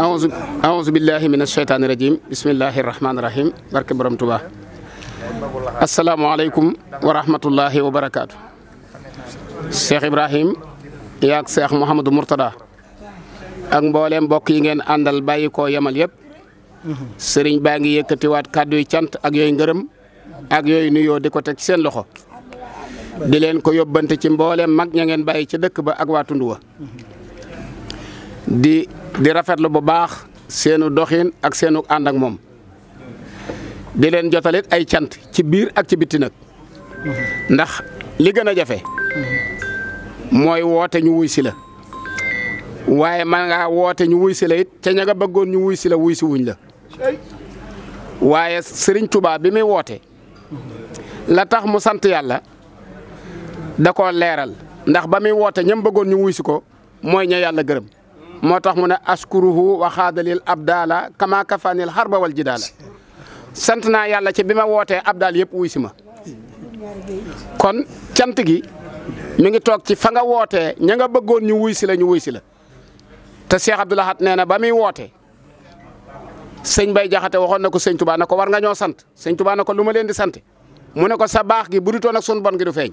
aawuzu aawuzu billaahi mina sheytaani rajiim bismillaahi rahmaani rahiim barke borom Tuubaa asalaamaaleykum wa rahmatullaahi wa Ibrahim yaak Cheikh Mouhamadou Mourtada ak mbooleem mbokk yi ngeen àndal bàyyi koo yemal yëpp sëriñ baa ngi yëkkatiwaat kàddu yi cant ak yooyu ngërëm ak yooyu nuyoo di ko teg seen loxo di leen ko yóbbante ci mbooleem mag ña ngeen bàyyi ci dëkk ba ak waa tund di di rafet la bu baax seenu doxin ak seenu ànd ak moom di leen jotalit ay cant ci biir ak ci bitti nag ndax li gën a jafe mooy woote ñu wuy si la waaye man nga woote ñu wuy si la it bëggoon ñu wuy si la wuy wuñ la waaye sëriñ Touba bi muy woote la tax mu sant yàlla da koo leeral ndax ba muy woote ñam bëggoon ñu wuy si ko mooy ña yàlla gërëm moo tax mu ne askuruhu waxaadalil abdaala kama kafaanil harba wal jidaala sant naa yàlla ci bi ma wootee abdaal yëpp wuy si ma kon cant gi mi ngi toog ci fa nga wootee ña nga bëggoon ñu wuy si la ñu wuy si la te Cheikh Abdou Lahad nee na ba muy woote sëñ Bay Jaxate waxoon na ko sëñ Touba ko war nga ñoo sant sëñ Touba na ko lu ma leen di sant mu ne ko sa baax gi bu dutoon ak sun bon gi du feeñ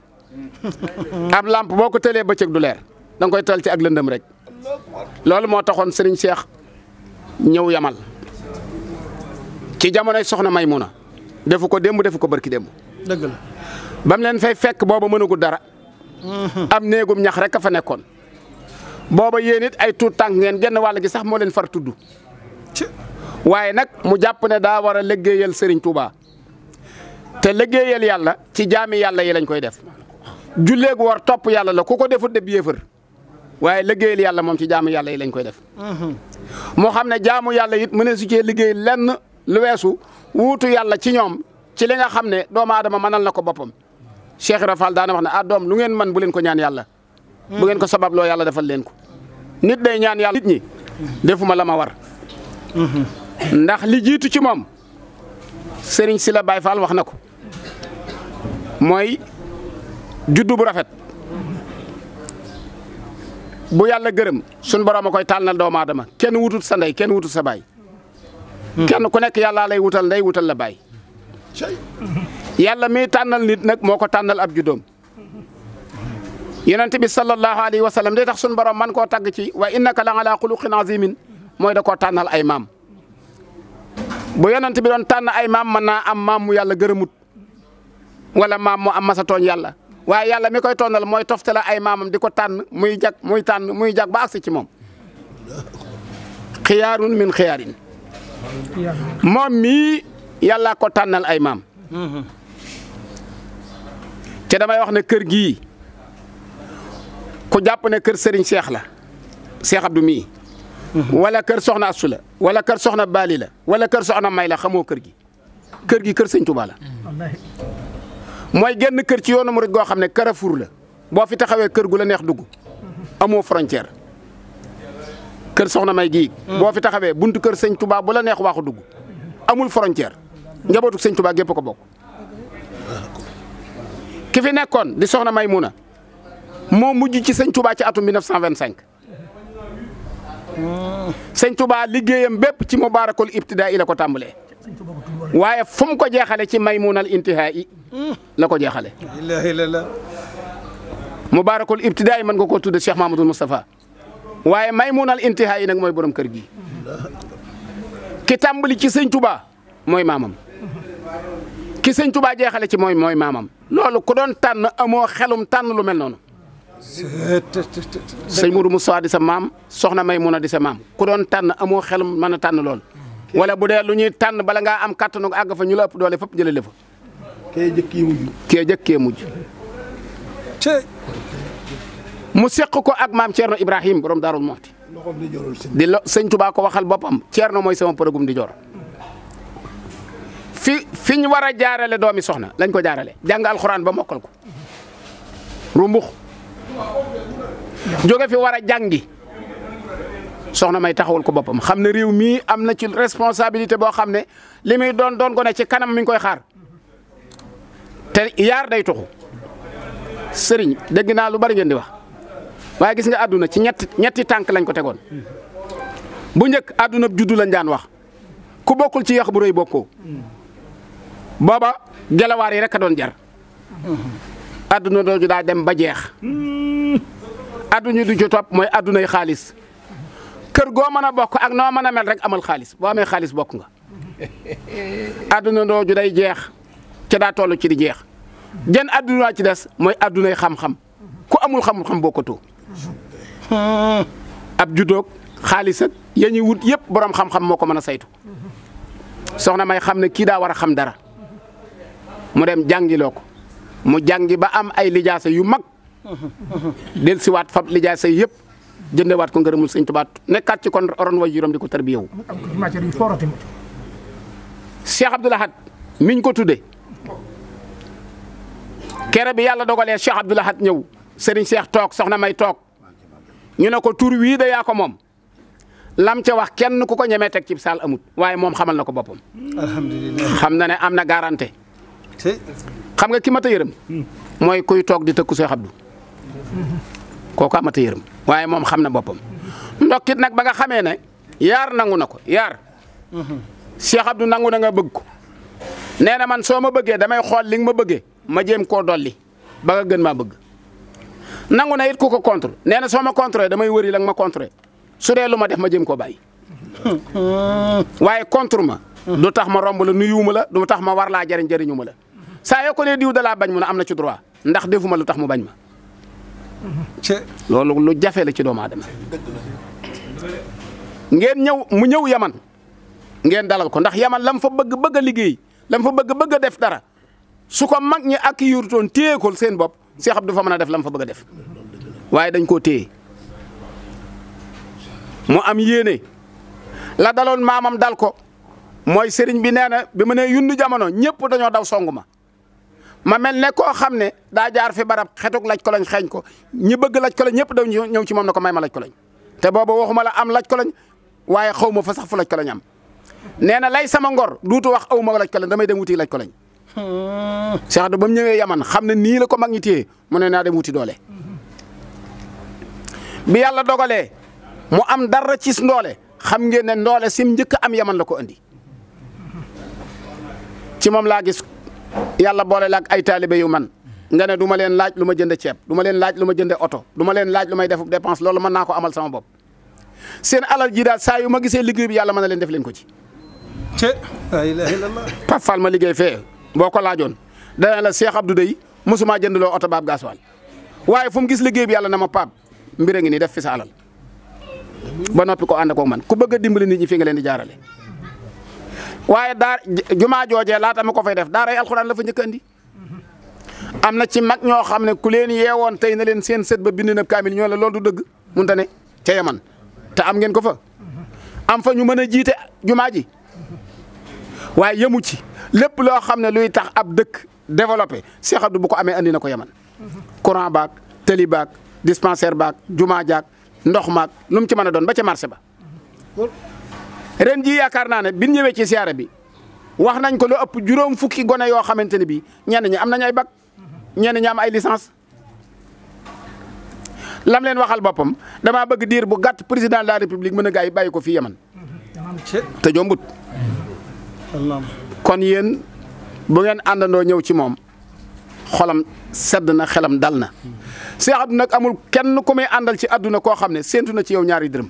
ab lamp boo ko tëlee bëccëg du leer da koy tal ci ak lëndëm rek loolu moo taxoon sëriñ Cheikh ñëw yamal ci jamonoy soxna may mu na defu ko démb defu ko barki démb. dëgg la ba mu leen fay fekk booba mënagul dara. Mhm. am néegum ñax rek a fa nekkoon. booba yéen ay tuut tànk ngeen genn wàll gi sax moo leen far tudd. waaye nag mu jàpp ne daa war a liggéeyal Serigne Touba te liggéeyal yàlla ci jaami yàlla yi lañ koy def. julleeg war topp yàlla la ku ko defut de yéefar waaye liggéeyal yàlla moom ci jaamu yàlla yi lañ koy def. Mhm. moo xam ne jaamu yàlla it mu ne su cee liggéey lenn lu weesu wuutu yàlla ci ñoom ci li nga xam ne doomu aadama mënal na ko boppam. Cheikh Rafal daana wax na ah doom lu ngeen man bu leen ko ñaan yàlla. Mhm. bu ngeen ko sabab loo yàlla defal leen ko. nit day ñaan yàlla nit ñi. defuma la ma war. Mhm. ndax li jiitu ci moom Serigne sila baay Fall wax na ko mooy juddu bu rafet. bu yàlla gërëm suñ borom a koy tànnal doomu aadama kenn wutut sa ndey kenn wutut sa baay. Hmm. kenn ku nekk yàllaa lay wutal ndey wutal la baay. yàlla mi tànnal nit nag moo ko tànnal ab juddoom. yonent bi sallallahu alayhi wa sallam day tax suñu borom man koo tagg ci wa innaka la ala xuluqin azimin mooy da koo tànnal ay maam. bu yonent bi doon tànn ay maam mën naa am maam mu yàlla gërëmut wala maam mu am masa tooñ yàlla. waaye yàlla mi koy tonnal mooy toftale ay maamam di ko tànn muy jag muy tànn muy jag ba agsi ci moom xiyaarun min xiyaarin moom mii yàlla ko tànnal ay maam te damay wax ne kër gi ku jàpp ne kër sëriñ Cheikh la Cheikh Abdou mii wala kër Soxna Astou la wala kër Soxna Bali la wala kër Soxna May la xamoo kër gi kër gi kër Sëñ la mooy genn kër ci yoonu murid goo xam ne Carrefour la boo fi taxawee kër gu la neex dugg amoo frontière kër soxna may gii mm. boo fi taxawee buntu kër sëñ Touba bu la neex waaxu dugg amul frontière njabootu sëñ Touba gépp ko bokk ki fi nekkoon di soxna may muna moo mujj ci sëñ Touba ci atum 1925 sëñ Touba liggéeyam bépp ci mubaarakul ibtidaa yi la ko tàmbalee waaye fu mu ko jeexale ci may munal intihaa yi la ko jeexale mubaarakul ibtidaa yi mën nga koo tudde Cheikh Mahamadul Moustapha waaye maymunal intihaa yi nag mooy borom kër gi ki tàmbali ci sëñ mooy maamam ki sëñ Touba jeexale ci mooy mooy maamam loolu ku doon tànn amoo xelum tànn lu mel noonu sëñ Mourou Moussa di sa maam soxna Maymuna di sa maam ku doon tànn amoo xelum mën a tànn loolu wala bu dee lu ñuy tànn bala ngaa am kattanu àgg fa ñu la ëpp doole fëpp jëlale fa kee jëkkee mujj. kee mujj. mu seq ko ak maam Thierno Ibrahim borom Darou Mouhty. di la sëñ Touba ko waxal boppam Thierno mooy sama përëgum di joor. fi fi ñu war a jaarale doomi soxna lañ ko jaarale jàng alxuraan ba mokkal ko. rumbux jóge fi war a jàngi soxna may taxawal ko boppam xam ne réew mii am na ci responsabilité boo xam ne li muy doon doon ko ne ci kanam mi ngi koy xaar. te yaar day tuxu sëriñ dégg naa lu bari ngeen di wax waaye gis nga àdduna ci ñetti ñetti tànk lañ ko tegoon bu njëkk àdduna juddu lañ daan wax ku bokkul ci yax bu rëy bokkoo booba gelawaar yi rek a doon jar àdduna dooju daa dem ba jeex àdduna du ci topp mooy àddunay xaalis kër goo mën a bokk ak noo mën a mel rek amal xaalis boo amee xaalis bokk nga àdduna dooju day jeex. ca daa toll ci di jeex jën adduna ci des mooy addunay xam-xam ku amul xam-xam bokkatoo ab juddoog xaalis ak ya ñuy wut yëpp borom xam-xam moo ko mën a saytu soxna may xam ne kii daa war a xam dara mu dem jàngiloo ko mu jàngi ba am ay lijaasa yu mag del siwaat fab lijaasa yëpp jëndewaat ko ngërëmul sëñ Tuubaa nekkaat ci kon ron way juróom di ko tarbiyewu Cheikh Abdoul Ahad miñ ko tudde kere bi yàlla dogalee Cheikh Abdoul Ahad ñëw Serigne Cheikh toog soxna May toog ñu ne ko tur wii de yaa ko moom lam ca wax kenn ku ko ñemee teg ci saal amut waaye moom xamal na ko boppam. xam na ne am na garantie. xam nga ki mat a yërëm. Hmm. mooy kuy toog di tëkku Cheikh Abdou. kooku amat a yërëm waaye moom xam na boppam. ndokkit nag ba nga xamee ne yaar nangu na ko yaar. Hmm. Cheikh Abdou nangu na nga bëgg ko nee na man soo ma bëggee damay xool li nga ma bëggee. ma jéem koo dolli ba gën maa bëgg nangu na yit ku ko contre nee na soo ma contré damay wëri lang ma contré su dee lu ma def ma jéem koo bàyyi waaye contre ma du tax ma romb la nuyuwuma la du tax ma war laa jëriñ jëriñuma la saa yoo ko ne diw da laa bañ mu ne am na ci droit ndax defu ma lu tax mu bañ ma loolu lu jafe la ci doomu aadama ngeen ñëw mu ñëw yaman ngeen dalal ko ndax yaman lam fa bëgg bëgg a liggéey lam fa bëgg bëgg a def dara su ko mag ñi ak yurutoon téye ko seen bopp Cheikh Abdou fa mën a def lam fa bëgg def waaye dañ koo téye mu am yéene la daloon maamam dal ko mooy seriñ bi nee na bi mu nee yundu jamono ñëpp dañoo daw songu ma ma mel ne koo xam ne daa jaar fi barab xetuk laj ko lañ xeeñ ko ñi bëgg laj ko lañ ñëpp daw ñëw ci moom ne ko may ma laj ko lañ te booba waxuma la am laj ko lañ waaye xaw ma fa sax fu laj ko lañ am nee na lay sama ngor duutu wax aw ma laj damay dem wuti laj ko lañ Cheikh Anta ba mu ñëwee yaman xam ne nii la ko mag ñi téye mu ne naa dem wuti doole. bi yàlla dogalee mu am dara ci ndoole xam ngeen ne ndoole si mu njëkk am yaman la ko andi ci moom laa gis yàlla boole la ay ay taalibe yu man nga ne du leen laaj lu ma jënd ceeb du ma leen laaj lu ma jënde oto du leen laaj lu may def dépense loolu mën naa ko amal sama bopp seen alal ji daal saa yu ma gisee liggéey bi yàlla mën na leen def leen ko ci. te la ilaha ma liggéey fee. boo ko laajoon dana la Cheikh du day mosuma jënd loo oto baab gaasuwaal waaye fu mu gis liggéey bi yàlla na ma paab mbir ngi nii def fi sa ba noppi ko ànd koog man ku bëgg a dimbali nit ñi fi nga leen di jaarale. waaye daar jumaa joojee laata ma ko fay def daaray alxuraan la fa njëkk andi am na ci mag ñoo xam ne ku leen yeewoon tey na leen seen set ba bind na kaamil ñoo la loolu du dëgg munta ne ca yaman te am ngeen ko fa am fa ñu mën a jiite jumaa ji waaye yemu ci. lépp loo xam ne luy tax ab dëkk développé Cheikh bu ko amee andi na ko yaman courant baak tëli baak dispensaire baak jumaa jaak ndox maak lu ci mën a doon ba ca marché ba. reen ji yaakaar naa ne bi ñu ñëwee ci siyaare bi wax nañ ko lu ëpp juróom fukki gone yoo xamante ne bii ñenn ñi am nañ ay bac ñenn ñi am ay licence lam leen waxal boppam damaa bëgg diir bu gàtt président de la république mën a gaa yi bàyyi ko fi yaman te jombut kon yéen bu ngeen àndandoo ñëw ci moom xolam sedd na xelam dal na Cheikh nag amul kenn ku may àndal ci àdduna koo xam ne séentu na ci yow ñaari dërëm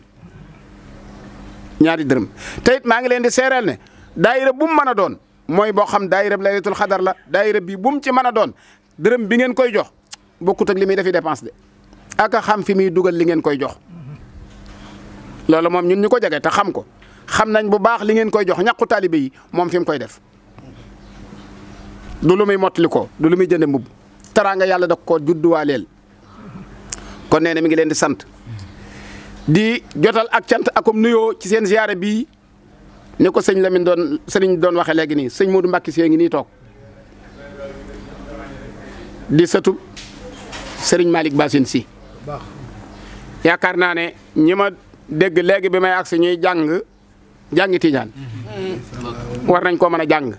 ñaari dërëm te it maa ngi leen di seereel ne daayira bu mu mën a doon mooy boo xam daayira laylatul xadar la daayira bii bu ci mën a doon dërëm bi ngeen koy jox bokkut ak li muy defi dépense de aka xam fi muy dugal li ngeen koy jox loolu moom ñun ñu ko jege te xam ko xam nañ bu baax li ngeen koy jox ñàkku taalibe yi moom fi koy def du lu muy mottali ko du lu muy jënd mbubb taraanga yàlla da ko judduwaaleel kon nee na mi ngi leen di sant di jotal ak cant akum nuyoo ci seen ziyaare bii ni ko sëñ Lamine doon sëriñ doon waxe léegi nii sëñ Modou Mbacke Sy ngi nii toog di sëtu sëriñ Malick Bassine si yaakaar naa ne ñi ma dégg léegi bi may agsi ñuy jàng jàngi tiijaan war nañ koo mën a jàng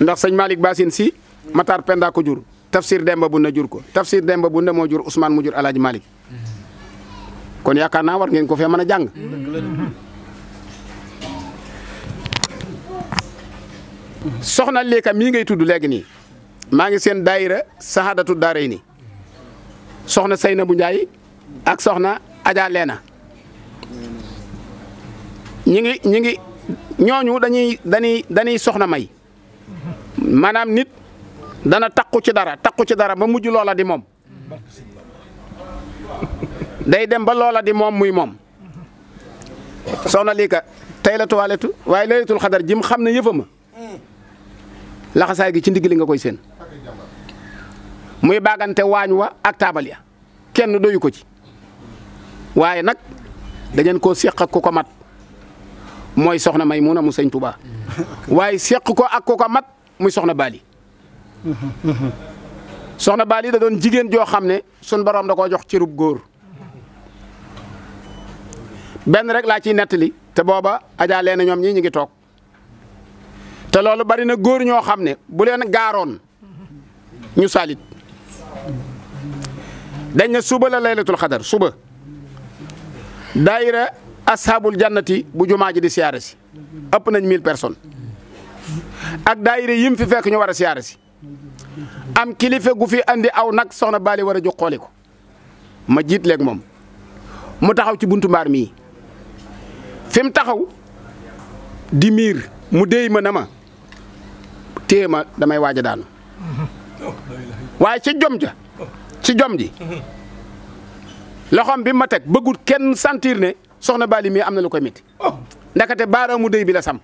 ndax sëñ malik Bassine si Matar Penda ko jur tafsir Demba Bunda jur ko tafsir Demba na moo jur Ousmane mu jur El Hadj kon yaakaar naa war ngeen ko fee mën a jàng soxna Leeka mii ngay tudd léegi nii maa ngi seen daayira saxaadatu daaray nii soxna Seyna bu Njaay ak soxna Adja Leena ñi ngi ñi ngi ñooñu dañuy dañuy dañuy soxna may maanaam nit dana takku ci dara takku ci dara ba mujj loola di moom day dem ba loola di moom muy moom soxna lii tey la tuwaaletu waaye laylatul xadar jim xam na yëfama laxasaay gi ci ndigg li nga koy seen muy baagante waañ wa ak taabal kenn doyu ko ci waaye nag dañeen ko séq ku ko mat mooy soxna Maymuna mu sañ Touba waaye seq ko ak ko ko mat muy soxna Bali. soxna Bali da doon jigéen joo xam ne sun borom da koo jox cërub góor benn rek laa ciy nettali te booba Adja leen ñoom ñii ñu ngi toog te loolu bari na góor ñoo xam ne bu leen gaaroon ñu salit dañ ne suba la laylatul xadar suba daayira a ashaabul jannati bu jumaa ji di siyaare si ëpp nañ mille personnes ak daayira yim fi fekk ñu war a siyaare si am kilifa gu fi andi aw nag soxna Bali war a jox xooli ko ma jiit leeg moom mu taxaw ci buntu mbaar mii fim taxaw di miir mu déy ma na ma téye ma damay waaj a daanu waaye ci jom ja ci jom ji loxoom bi ma teg bëggut kenn santiir ne. soxna Bali mii am na lu koy métti oh. ndakate baaraamu dëy bila sam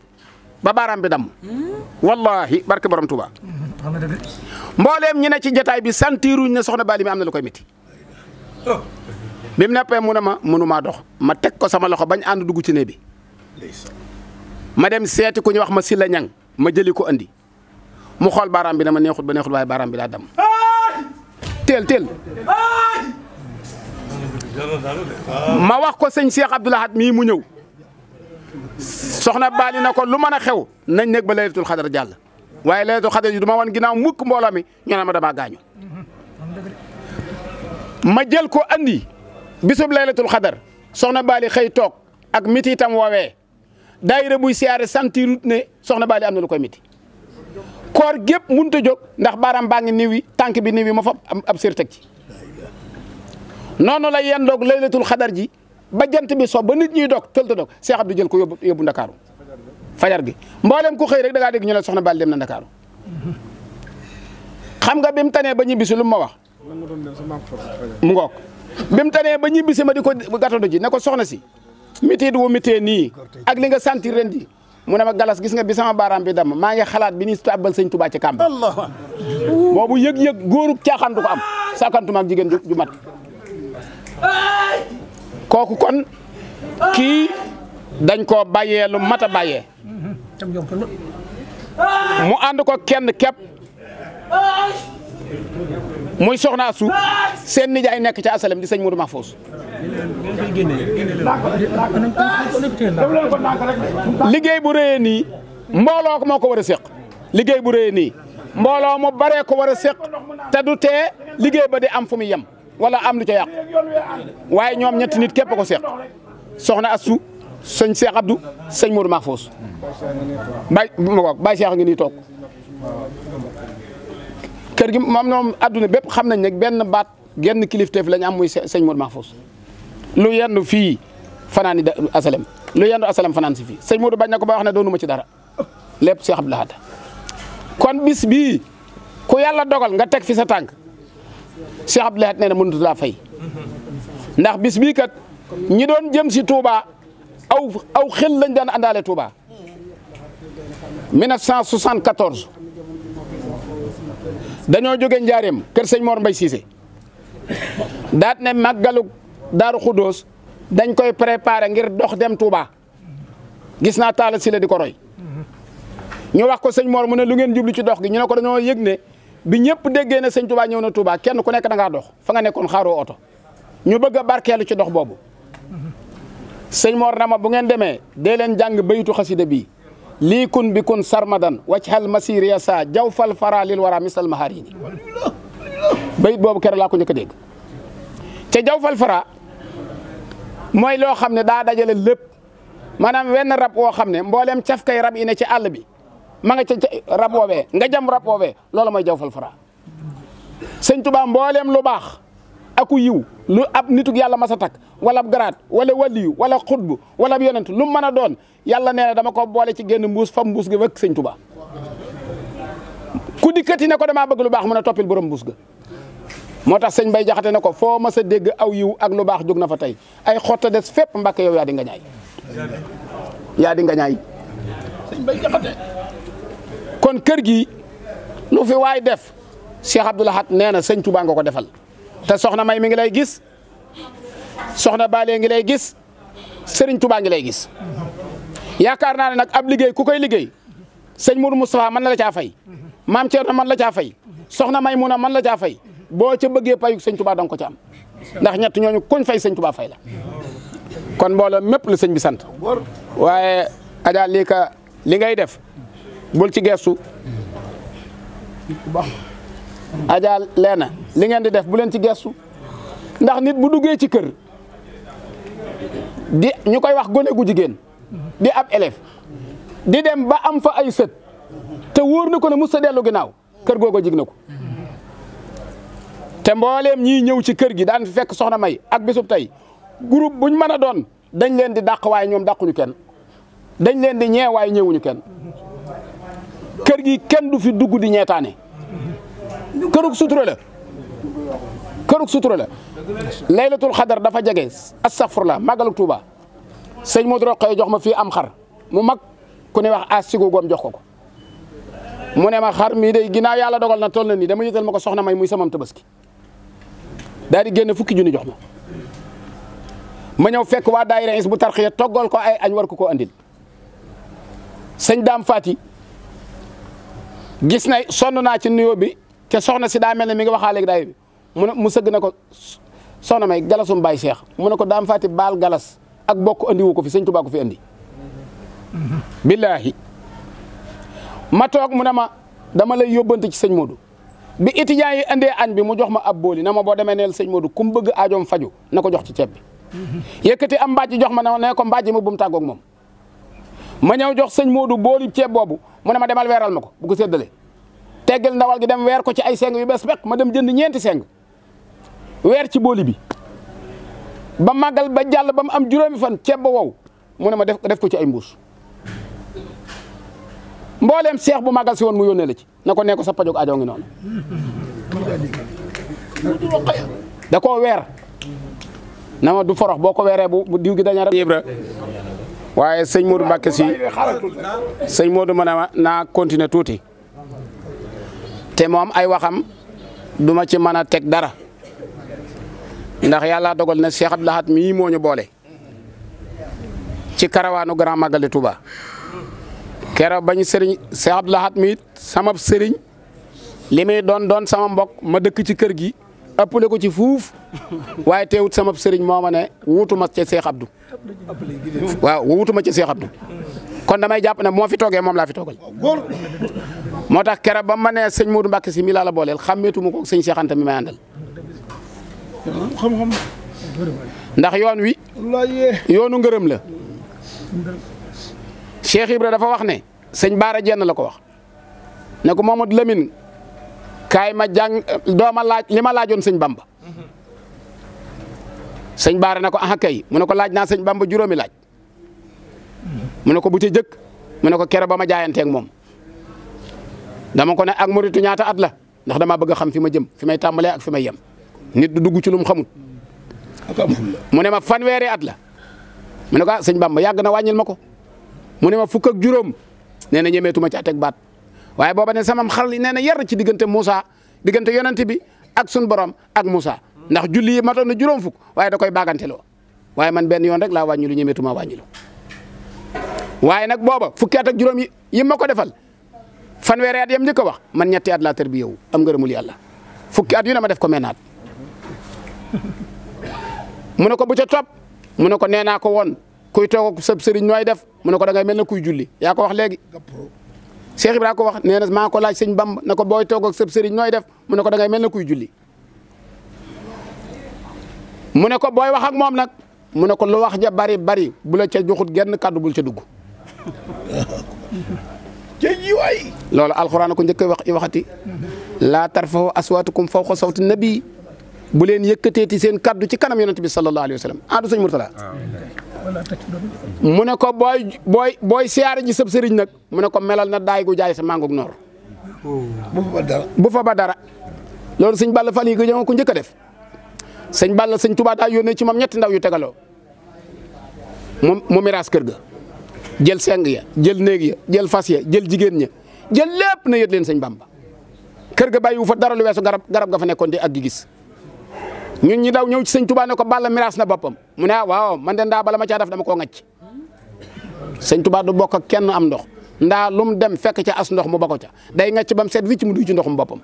ba baaraam bi damm hmm? wallahi barke borom tubaa hmm, mbooleem ñi ne ci jataay bi santiruñ ne soxna Bali mi am na lu koy métti oh. bi mu neppee mu ne ma mënumaa dox ma teg ko sama loxo bañ ànd dugg ci ne bi ma dem seeti ku ñu wax ma si la ñang ma jëli ko andi mu xool baaraam bi ne ma neexut ba neexut waaye baaraam bi daa damm teel teel ma wax ko sëñ Cheikh Abdoul Ahad mii mu ñëw soxna Bali na ko lu mën a xew nañ nekk ba laylatul xadar jàll waaye laylatul xadar yi du ma wan ginnaaw mukk mbooloo mi ma damaa gaañu. ma jël ko andi bisub laylatul xadar soxna Bali xëy toog ak miti itam woowee daayira buy siyaare santirut ne soxna Bali am na lu koy miti. koor gépp mënut a ndax baaraam baa ngi niwi tànk bi niwi ma fa ab ab teg ci. noonu la yendoog laylatul xadar ji ba jant bi so ba nit ñuy doog tëlta doog Cheikh Abdou jël ko yóbbu yóbbu Ndakaaru fajar gi mboolem ku xëy rek da ngaa dégg ñu ne soxna Bally dem na Ndakaaru xam nga bi mu ba ñibbisi lu ma wax mu ngoog bi mu tanee ba ñibbisi ma di ko gàttandu ji ne ko soxna si mitiit wu mitee nii ak li nga sentir ren ji mu ne ma galas gis nga bi sama baaraam bi dam maa ngi xalaat bi ñuy tàbbal sëñ Tuubaa ci kàmb boobu yëg-yëg góoru caaxaan du ko am sàkkantumaak jigéen ju mat kooku kon kii dañ koo bàyyee lu mat a bàyyee mu ànd ko kenn képp muy soxna su seen nijaay nekk ca asalem di sëñ Modou Mahfous liggéey bu rëyee nii mbooloo moo ko war a séq liggéey bu rëyee nii mbooloo mu baree ko war a séq te du tee liggéey ba di am fu mu yem wala am lu ca yàqu waaye ñoom ñetti nit képp ko seq soxna Astou sëñ Cheikh Abdou sëñ Modou Mahfous bay ma ko bay Cheikh ngi nii toog kër gi moom ñoom adduna bépp xam nañ ne benn baat genn kilifteef lañ am muy sëñ Modou Mahfous lu yendu fii fanaan da asalem lu yendu asalem fanaan si fii sëñ Modou bañ na ko ba wax ne doonuma ci dara lépp seex Abdou laat kon bis bii ku yàlla dogal nga teg fi sa tànk Cheikh Abdou Lahad nee na mënut laa fay ndax bis kat ñi doon jëm si Touba aw aw xel lañ daan àndaale Touba 1974 dañoo jóge Njaareem kër sëñ Mor Mbay Cissé daat ne màggalu Daaru Xuddoos dañ koy préparé ngir dox dem Touba gis naa taala si la di ko roy ñu wax ko sëñ Mor mu ne lu ngeen jublu ci dox gi ñu ne ko dañoo yëg bi ñëpp déggee na sëñ Touba ñëw na Touba kenn ku nekk da ngaa dox fa nga nekkoon xaaroo oto ñu bëgg a barkeelu ci dox boobu sëñ moor na ma bu ngeen demee dee leen jàng baytu xasida bii lii kun bi kun sarmadan wajhal masir yasa jaw fal fara lil wara misal maharini bayit boobu keroog laa ko njëkk a dégg jaw fal fara mooy loo xam ne daa dajale lépp maanaam wenn rab woo xam ne mbooleem cafkay rab yi ne ci àll bi ma nga ca ca rab woowee nga jam rab woowee loola mooy jawfal fara sëñ Tuubaa mbooleem lu baax aku yiw lu nitug yàlla mas a takk wala ab garaat wala waliyu wala xutbu wala ab yonent lum mën a doon yàlla nee na dama ko boole ci génn mbuus fam mbuus ga wekk sëñ Tuubaa ku dikkati ne ko damaa bëgg lu baax mën a toppil borom mbuus ga moo tax sëñ Bay Jaxate ne ko foo mas a dégg aw yiw ak lu baax jóg na fa tey ay xotta des fépp mbakk yow yaa di nga ñaay kon kër gi lu fi waay def Cheikh Abdou Lahad nee na sëñ Touba nga ko defal te soxna May mi ngi lay gis soxna Bale ngi lay gis Serigne Touba ngi lay gis yaakaar naa ne nag ab liggéey ku koy liggéey sëñ Mourou Moustapha man la caa fay maam Thierno man la caa fay soxna May mu na man la caa fay boo ca bëggee payu sëñ Touba danga ko ca am ndax ñett ñooñu kuñ fay sëñ Touba fay la kon mbooloo mépp la sëñ bi sant waaye Adja lii ka li ngay def. bul ci gestu Adja leena li ngeen di def bu leen ci gestu ndax nit bu duggee ci kër di ñu koy wax gone gu jigéen di ab élève di dem ba am fa ay sët te wóor na ko ne mos sa dellu ginnaaw kër googu jig na ko te mbooleem ñiy ñëw ci kër gi daan fi fekk soxna May ak bisub tey groupe buñ mën a doon dañ leen di dàq waaye ñoom dàquñu kenn dañ leen di ñee waaye ñëwuñu kenn. kër gi kenn du fi dugg di ñeetaane kërug sutura la kërug sutura la laylatul xadar dafa jege astafurla màggalu Tuuba sëñ Modou Rokhaya jox ma fi am xar mu mag ku ne wax asigo goom jox ko ko mu ne ma xar mii day ginnaaw yàlla dogal na toll na nii dama yëtal ma ko soxna may muy samam tabaski daal di génne fukki ni jox ma ma ñëw fekk waa daayira is bu tarxiya toggal ko ay añ war ko koo andil sëñ daam Fati. gis na sonn naa ci nuyoo bi te soxna si daa mel ne mi nga waxaa léegi daay bi mu mu sëgg na ko soxna may galasum baay seex mu ne ko daam faati baal galas ak bokk andiwu ko fi sëñ Tuubaa fi andi billaahi ma toog mu ne ma dama lay yóbbante ci sëñ Modou bi étudiants yi andee añ bi mu jox ma ab booli na ma boo demee neel sëñ Modou ku mu bëgg aajoom faju na ko jox ci ceeb bi yëkkati am mbàjj jox ma ne ko mbàjj ma bu mu tàggoog moom ma ñëw jox sëñ Modou boolib ceeb boobu mu ne ma demal weeral ma ko bu ko séddalee teggal ndawal gi dem weer ko ci ay seng yu bees peq ma dem jënd ñeenti seng weer ci booli bi ba màggal ba jàll ba mu am juróomi fan ceeb ba wow mu ne ma def def ko ci ay mbuus mbooleem seex bu màggal si woon mu yónnee la ci na ko nee ko sa pajog ajoo ngi noonu da koo weer na ma du forox boo ko weeree bu diw gi daña rek waaye sëñ Modou Mbacke si sëñ Modou mën a naa continuer tuuti te moom ay waxam duma ci mën a teg dara ndax yàlla dogal na Cheikh Abdou Lahad mii moo ñu boole ci karawaanu Grand Magal de Touba bañ sëriñ Cheikh Abdou Lahad sama sëriñ li muy doon doon sama mbokk ma dëkk ci kër gi. ëppale ko ci fuuf waaye teewut sama sëriñ moo ma ne wutuma ci Seex Abdu waaw wutuma ci Seex kon damay jàpp ne moo fi toogee moom laa fi toogal moo tax kera ba ma nee sëñ Modou Mbacke si mi booleel xàmmeetuma ko sëñ Seex Anta mi may àndal ndax yoon wi yoonu ngërëm la Cheikh Ibra dafa wax ne sëñ Baara Jenn la ko wax ne ko Mamadou Lamine kaay ma jàng dooma laaj li ma laajoon sëñ bamba sëñ baara ko aha kay mu ko laaj naa sëñ bamba juróomi laaj mu ne ko bu ca jëkk mu ne ko kere ba ma jaayanteeg moom dama ko ne ak muritu ñaata at la ndax dama bëgg a xam fi ma jëm fi may tàmbalee ak fi may yem nit du dugg ci lu mu xamul mu ne fanweeri at la mu ne ko ah sëñ bamba yàgg na wàññil ma ko mu ne ma fukk juróom nee na ñemeetuma ca baat waaye booba ne samam xar li nee na yar ci diggante Moussa diggante yonent bi ak sun borom ak Moussa ndax julli yi matoon na juróom fukk waaye da koy baaganteloo waaye man benn yoon rek laa wàññi lu ñemeetuma wàññi lu waaye nag booba fukki at ak juróom yi ma ko defal fanweeri at yam njëkk wax man ñetti at laa tërbiyewu am ngërëmul yàlla fukki at yu ne ma def ko menaat mu ne ko bu ca topp mu ne ko nee naa ko won kuy toog ak sëb sëriñ nooy def mu ne ko da ngay mel ne kuy julli yaa ko wax léegi. Cheikh Ibra ko wax nee na maa ko laaj sëñ Bamba ne ko booy toog ak sëb sëriñ nooy def mu ne ko dangay mel na kuy julli mu ne ko booy wax ak moom nag mu ne ko lu wax ja bari bari bu la ca joxut genn kàddu bul ca dugg. jëjëwaay. loolu alxuraan ko njëkk wax i waxati laa tarfahu aswaatukum fawqa sawti nabi bu leen ti seen kàddu ci kanam yonent bi sallallahu alayhi wa sallam du sëñ Murtala mu ne ko booy booy booy siyaare ji sëb sëriñ nag mu ne ko melal na daay gu jaay sa màngug noor. bu fa ba dara loolu sëñ Balla fan yi nga ko njëkk a def sëñ Balla sëñ Tuubaa daa yónnee ci moom ñetti ndaw yu tegaloo mu mu miraas kër ga jël seng ya jël néeg ya jël fas ya jël jigéen ña jël lépp na yët leen sëñ Bamba kër ga bàyyiwu fa dara lu weesu garab garab ga fa nekkoon di ak gi gis. ñun ñi daw ñëw ci sëñ Touba ne ko Balla miraas na boppam mu ne ah waaw man de ndaa bala ma caa def dama koo ŋacc sëñ Touba du bokk ak kenn am ndox ndaa lu mu dem fekk ca as ndox mu bokk ca day ŋacc ba mu set wicc mu duy ci ndoxum boppam.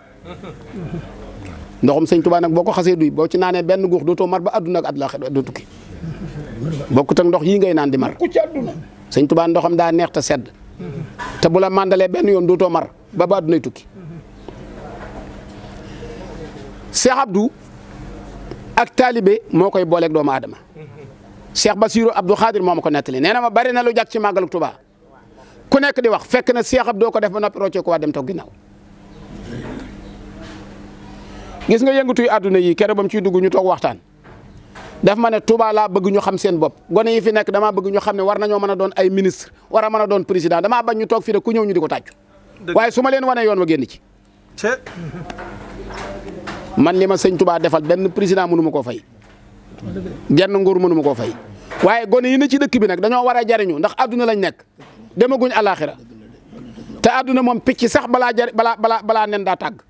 ndoxum sëñ Touba nag boo ko xasee duy boo ci naanee benn guux dootoo mar ba adduna ak at laaxira doo tukki bokkut ak ndox yii ngay naan di mar sëñ Touba ndoxam daa neex te sedd te bu la mandalee benn yoon dootoo mar ba ba addunay tukki Cheikh Abdou. ak taalibe moo koy booleeg doomu aadama Cheikh Bassirou Abdou Khadir moo ma ko nettali nee na ma bari na lu jag ci màggalu Tuubaa ku nekk di wax fekk na Cheikh doo ko def ba noppi roccee ko waa dem toog ginnaaw gis nga yëngatu yu àdduna yi keroog ba ciy dugg ñu toog waxtaan daf ma ne Touba laa bëgg ñu xam seen bopp gone yi fi nekk damaa bëgg ñu xam ne war nañoo mën a doon ay ministre war ma mën a doon président damaa bañ ñu toog fii rek ku ñëw ñu di ko tàccu waaye su ma leen wane yoon ma génn ci man li ma sëñ Touba defal benn président mënuma ma koo fay genn nguur mënuma ko fay waaye gone yi na ci dëkk bi nag dañoo war a jariñu ndax àdduna lañ nekk demaguñ àllaaxira te àdduna moom picc sax balaa jar balaa balaa balaa nen daa tàgg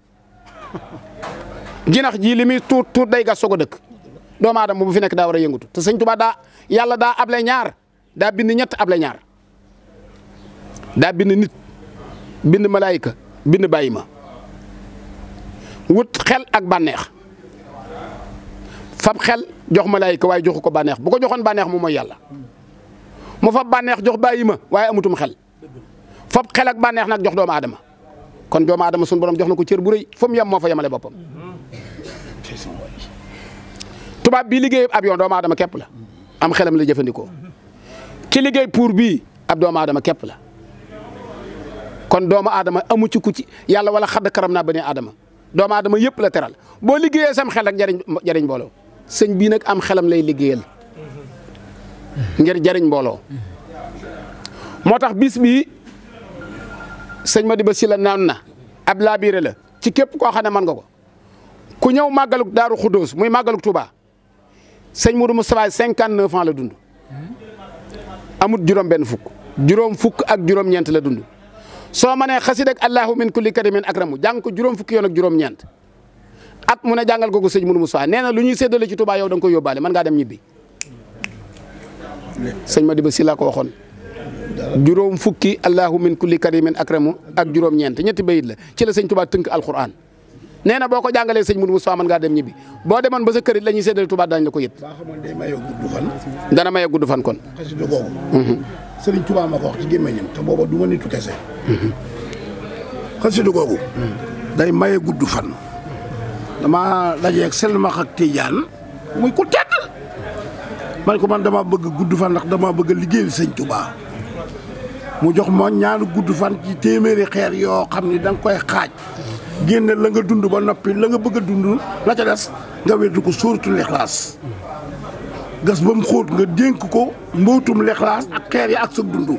jinax ji li muy tuut tuut day gas soog a dëkk doomu aadama bu fi nekk daa war a yëngatu te sëñ Touba daa yàlla daa able ñaar daa bind ñett able ñaar daa bind nit bind malaayika binn bàyyi ma wut xel ak bànneex fab xel jox malaayika waaye joxu ko bànneex bu ko joxoon bànneex moom mooy yàlla mu fab bànneex jox bàyyi ma waaye amutum xel fab xel ak bànneex nag jox doomu aadama kon doomu aadama sunu borom jox na ko cër bu rëy fu mu moo fa yemale boppam. tubaab bii liggéey ab yoon doomu aadama képp la am xelam la jëfandikoo ci liggéey pour bii ab doomu aadama képp la kon doomu aadama amu ci ku yàlla wala xadd karam naa ba ne doomu aadama yëpp la teral boo liggéeyee sam xel ak jariñ jariñ mbooloo sëñ bii nag am xelam lay liggéeyal ngir jariñ mbooloo moo tax bis bii sëñ Madiba la naan na ab laabiire la ci képp koo xam ne mën nga ko ku ñëw màggaluk Daaru Xuddoos muy màggaluk Touba sëñ Mourou Moustapha 59 ans la dund amut juróom benn fukk juróom fukk ak juróom ñeent la dund soo mënee xasida ak allahu min kulli karimin akramu jàng ko juróom fukki yoon ak juróom-ñeent at mu ne jàngal ko ko sëñ Mourou Moussa nee na lu ñuy séddale ci Touba yow da nga koy yóbbaale mën ngaa dem ñibbi. sëñ Madiba si la ko waxoon juróom fukki allahu min kulli karimin akramu ak juróom-ñeent ñetti bayit la ci la sëñ Touba tënk alquran nee na boo ko jàngalee sëñ Mourou Moussa man ngaa dem ñibbi boo demoon ba sa kërit la ñuy séddale Touba daañu la ko yët. dana maye gudd fan kon. Sëriñ Tuubaa ma ko wax ci gémmiñam te booba du ma nitu kese. xasida googu. day maye gudd fan. dama dajeeg seen max ak Tijaan muy ku tedd. man ko man dama bëgg gudd fan ndax dama bëgg liggéeyal sëñ Tuubaa mu jox ma ñaanu gudd fan ci téeméeri xeer yoo xam ni danga koy xaaj. génne la nga dund ba noppi la nga bëgg a dund la ca des nga wéetu ko suuratul Ixlaas gas ba mu xóot nga dénk ko mbootum lexlaas ak xeer yi ak sa dund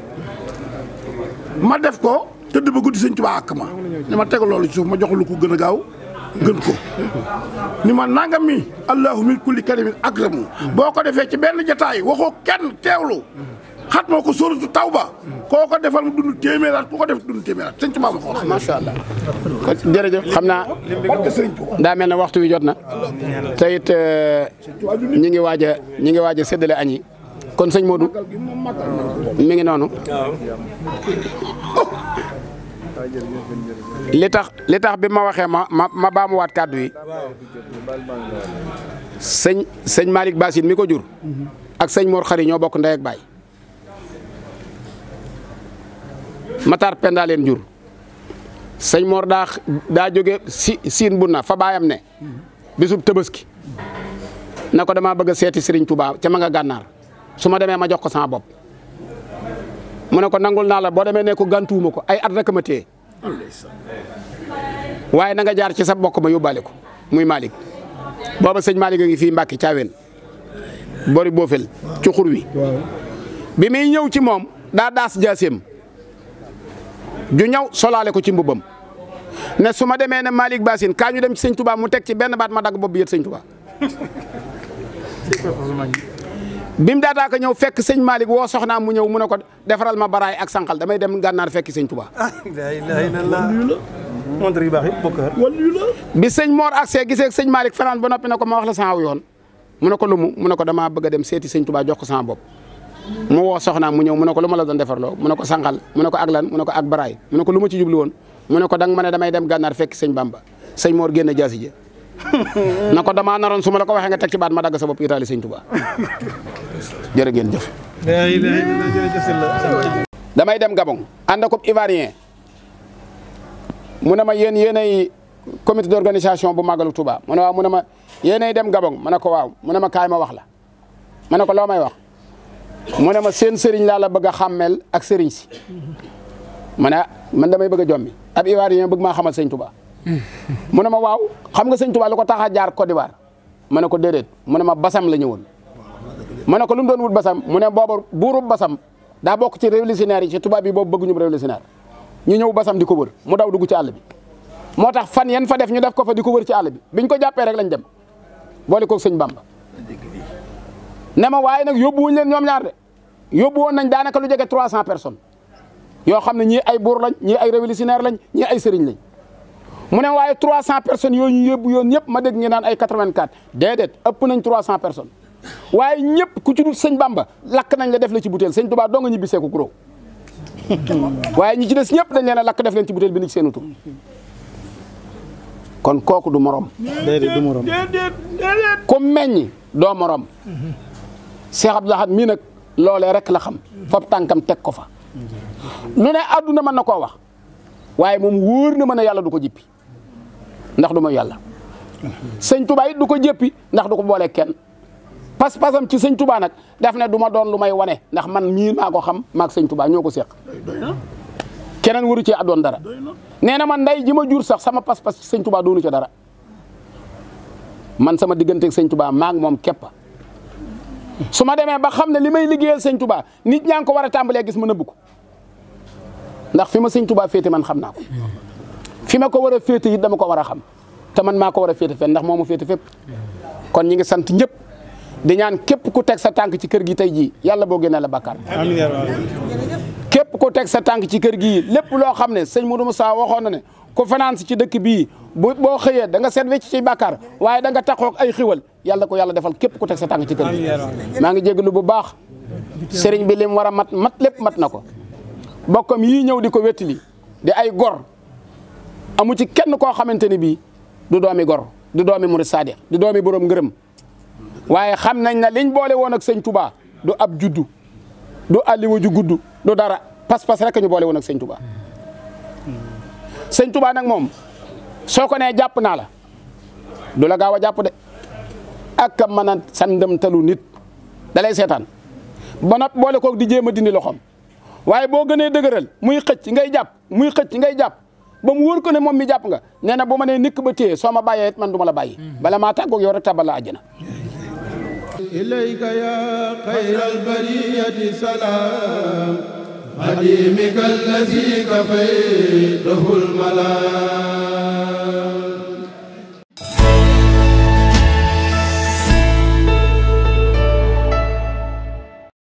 ma def ko tëdd ba guddi sëñ Tuubaa ak ma ni ma tegu ci suuf ma joxulu lu ko gën a gaaw gën ko ni ma nangam mi allahu min kulli karimin akramu boo ko defee ci benn jataay waxoo kenn teewlu xat moo ko sóoratu tawba koo ko defal mu dund téeméeraat ku ko def dund téeméeraat sëñ Tuubaa ma ko wax. jërëjëf xam naa ndaa mel ne waxtu wi jot na te it euh, ñi ngi waaj a ñi ngi waaj a séddale añ kon sëñ Modou mi ngi noonu. li tax li tax bi ma waxee ma ma ma baamuwaat kàddu yi sëñ sëñ Malick Bassine mi ko jur ak sëñ Mor Khary ñoo bokk ndey baay. Matar Penda leen jur sëñ Mor daa daa jóge si siin bu na fa baayam ne bisub Tabaski na ko damaa bëgg a seeti Serigne Touba ca ma nga gànnaar su ma demee ma jox ko saa bopp. mu ne ko nangul naa la boo demee ne ko gàntuwuma ko ay at rek ma téye waaye na jaar ci sa bokk ma yóbbaale ko muy Malick booba sëñ Malick a ngi fii Mbacke Thiawén bori boofel ci xur wi bi muy ñëw ci moom daa daas jaaseem ju ñaw solaale ko ci mbubam ne su ma demee ne Malick Bassine kaa ñu dem ci sëñ Touba mu teg ci benn baat ma dagg bopp bi yët sëñ Touba. bim daataaka ñëw fekk sëñ Malick woo soxnaam mu ñëw mu ne ko defaral ma baraay ak sànqal damay dem gànnaar fekki sëñ Touba. montre yu baax yëpp bokk bi sëñ Mor ak see gisee sëñ Malick fanaan ba noppi na ko ma wax la sama yoon mu ne ko lumu mu ne ko damaa bëgg dem seeti sëñ Touba jox ko sama bopp. mu woo soxnaam mu ñëw mu ne ko lu ma la doon defarloo mun ne ko sànqal mu ne ko ak lan mun ne ko ak baraay mu ne ko lu ma ci jublu woon mu ne ko danga ma ne damay dem gànnaar fekk sëñ Bamba sëñ Mor génn jaasi ko damaa naroon su ma la ko waxee nga teg ci baat ma dagg sa bopp itaali sëñ Touba ngeen jëf. damay dem Gabon ànd ak Ivoirien mu ne ma yéen yéenay comité d'organisation bu Magalu Touba mu ne waaw mu ne ma yéenay dem Gabon ma ne ko waaw mu ne ma kaay ma wax la ma ne ko loo may wax. mu ne ma seen sëriñ laa la bëgg a xàmmeel ak sëriñ si ma ne ah, man damay bëgg a jommi ab ivoirien bëgg maa xamal sëñ Touba. mu ne ma waaw xam nga sëñ Touba lu ko taxa jaar Côte d'Ivoire ma ne ko déedéet mu ne ma basam la ñëwoon. ma ne ko lu mu doon wut basam mu ne booba buurub basam daa bokk ci révolutionnaire yi ci tubaab bi boobu bëgguñu révolutionnaire ñu ñëw basam di ko wër mu daw dugg ci àll bi. moo tax fan yen fa def ñu def ko fa di ko wër ci àll bi biñ ko jàppee rek lañ dem boole koog sëñ Bamba. ne ma waaye nag yóbbuwuñ leen ñoom ñaar de yóbbu woon nañ daanaka lu jege trois cent personnes yoo xam ne ñii ay buur lañ ñii ay révolutionnaire lañ ñii ay seriñ lañ mu ne waaye trois cent personnes yoo ñu yóbbu yoon ñëpp ma dégg ngeen naan ay quatre-vingt-quatre déedéet ëpp nañ trois cent personnes waaye ñëpp ku ci dul sëñ Bamba lakk nañ la def la ci butéel sëñ Tuubaa doo nga ñibbi seeku guro waaye ñi ci des ñëpp dañ leen lakk def leen ci butéel bi ni ci seen tur kon kooku du morom. déedéet meññ doo morom. Mm-hmm. Cheikh Abdoul Ahad mii nag loolee rek la xam fab tànkam teg ko fa lu ne àdduna mën na koo wax waaye moom wóor na man ne yàlla du ko jëppi ndax du mooy yàlla sëñ Touba it du ko jëppi ndax du ko boolee kenn pas-pasam ci sëñ Touba nag def ne du ma doon lu may wane ndax man mii maa ko xam maag sëñ Touba ñoo ko seq keneen waru ci àddoon dara nee na man nday ji ma jur sax sama pas-pas ci sëñ Touba doonu ca dara man sama digganteeg sëñ Touba maak moom képp su ma demee ba xam ne li may liggéeyal sëñ nit ñaa ngi ko war a tàmbalee gis ma nëbb ko ndax fi ma sëñ Touba féete man xam naa ko fi ma ko war a féete dama ko war a xam te man maa ko war a féete fen ndax moo ma féete fépp kon ñi ngi sant ñëpp di ñaan képp ku teg sa tànk ci kër gi tey jii yàlla boo génnee la bàkkaar képp ku teg sa tànk ci kër gii lépp loo xam ne sëñ Modou Moussa waxoon na ne ku fanaan ci dëkk bii bu boo xëyee da nga seet wecc ci bàkkaar waaye da nga taxoog ay xiwal yàlla ko yàlla defal képp ku teg sa tànk ci kër gi maa ngi jégalu bu baax sëriñ bi lim war a mat mat lépp mat na ko bokkam yii ñëw di ko wettali di ay gor amu ci kenn koo xamante ni bii du doomi gor du doomi murid sadiq du doomi borom ngërëm waaye xam nañ ne liñ boole woon ak sëñ Touba du ab juddu ju pas-pas rek ñu boole woon ak sëñ Touba sëñ Touba nag moom soo ko nee jàpp naa la du la gaaw a jàpp de ak kam mën a sandamtalu nit da seetaan ba noppi boole koog di jéem a dindi loxoom waaye boo gënee dëgëral muy xëcc ngay jàpp muy xëcc ngay jàpp ba mu wóor ko ne moom mi jàpp nga nee na bu ma nee nikk ba téye soo ma bàyyee it man du ma la bàyyi mm-hmm. bala maa tàggoog yow rek tabal la àjjana ilayka ya xayral bariyati salaam xadimika allazi kafaytahu almalaa